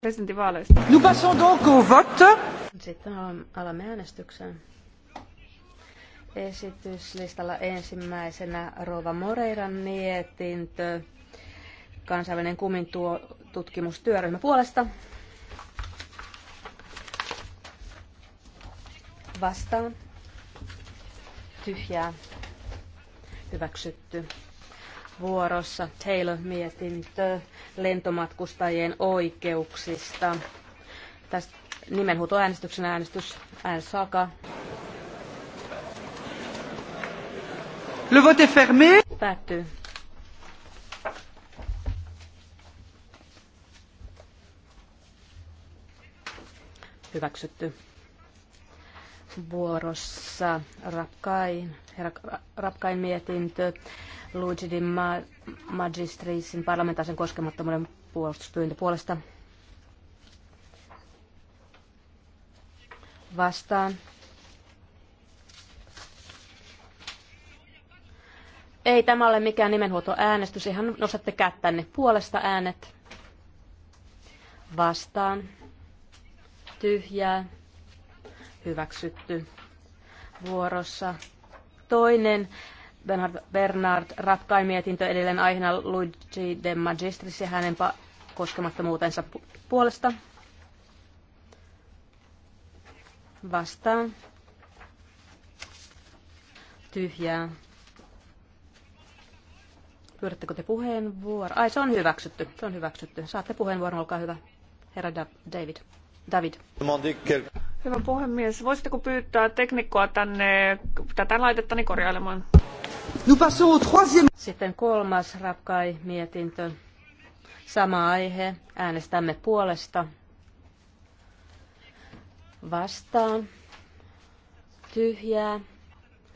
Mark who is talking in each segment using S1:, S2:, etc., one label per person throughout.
S1: presidentinvaaleista. Nous passons donc au vote. Sitten alamme äänestykseen. Esityslistalla ensimmäisenä Rova Moreiran mietintö. Kansainvälinen kumin tuo tutkimustyöryhmä puolesta. Vastaan. Tyhjää. Hyväksytty vuorossa Taylor-mietintö lentomatkustajien oikeuksista. Tästä nimenhuutoäänestyksen äänestys. Äänestys alkaa. Le vote est fermé. Päättyy. Hyväksytty. Vuorossa Rapkain, herra, Rapkain mietintö Luigi ma Magistrisin parlamentaarisen koskemattomuuden puolustuspyyntö puolesta. Vastaan. Ei tämä ole mikään äänestys, ihan nostatte kättänne puolesta äänet. Vastaan. Tyhjää. Hyväksytty. Vuorossa toinen Bernard, Bernard Ratkai mietintö edelleen aiheena Luigi de Magistris ja hänen koskemattomuutensa puolesta. Vastaan. Tyhjää. Pyydättekö te puheenvuoro? Ai, se on hyväksytty. Se on hyväksytty. Saatte puheenvuoron, olkaa hyvä.
S2: Herra David. David. Hyvä puhemies, voisitteko pyytää teknikkoa tänne tätä laitettani niin korjailemaan?
S1: Sitten kolmas rakkai mietintö. Sama aihe. Äänestämme puolesta. Vastaan. Tyhjää.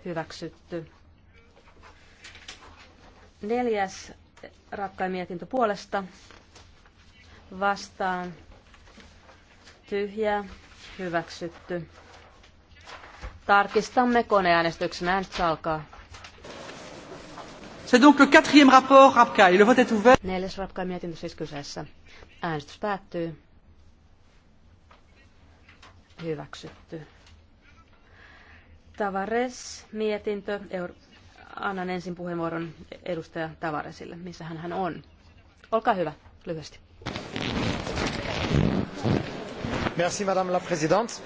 S1: Hyväksytty. Neljäs rakkai mietintö puolesta. Vastaan. Tyhjää. Hyväksytty. Tarkistamme koneäänestyksen. Äänestys alkaa.
S2: C'est donc le quatrième
S1: rapport et Le vote est ouvert. Neljäs RAPKA mietintö siis kyseessä. Äänestys päättyy. Hyväksytty. Tavares mietintö. Annan ensin puheenvuoron edustaja Tavaresille, missä hän, hän on. Olkaa hyvä, lyhyesti
S2: arvoisa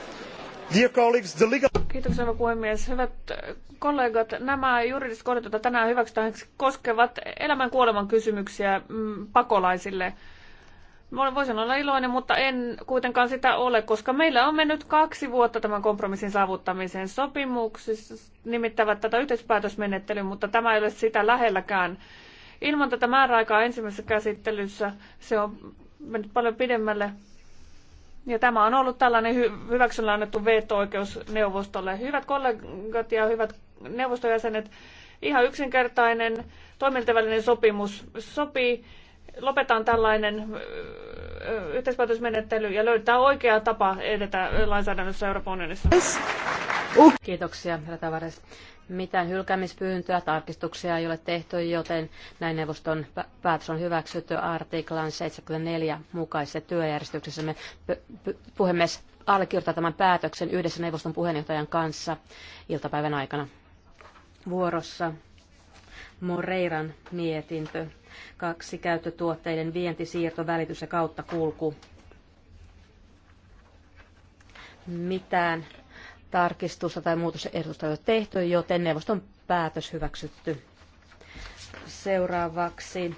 S2: Dear colleagues, the legal... Kiitoksia, hyvä puhemies. Hyvät äh, kollegat, nämä juridiset kohdat, joita tänään hyväksytään, koskevat elämän kuoleman kysymyksiä mm, pakolaisille. Voisin olla iloinen, mutta en kuitenkaan sitä ole, koska meillä on mennyt kaksi vuotta tämän kompromissin saavuttamiseen sopimuksissa, nimittävät tätä yhteispäätösmenettelyä, mutta tämä ei ole sitä lähelläkään. Ilman tätä määräaikaa ensimmäisessä käsittelyssä se on mennyt paljon pidemmälle ja tämä on ollut tällainen hy- hyväksyllä annettu veto-oikeus neuvostolle. Hyvät kollegat ja hyvät neuvostojäsenet, ihan yksinkertainen toimintavälinen sopimus sopii. Lopetaan tällainen yhteispäätösmenettely ja löytää oikea tapa edetä lainsäädännössä Euroopan unionissa.
S1: Kiitoksia, herra Tavares. Mitään hylkäämispyyntöä, tarkistuksia ei ole tehty, joten näin neuvoston päätös on hyväksytty artiklan 74 mukaisessa työjärjestyksessämme. Puhemies allekirjoittaa tämän päätöksen yhdessä neuvoston puheenjohtajan kanssa iltapäivän aikana. Vuorossa Moreiran mietintö. Kaksi käyttötuotteiden vienti, siirto, välitys ja kauttakulku. Mitään tarkistusta tai muutosehdotusta ei ole tehty, joten neuvoston päätös hyväksytty. Seuraavaksi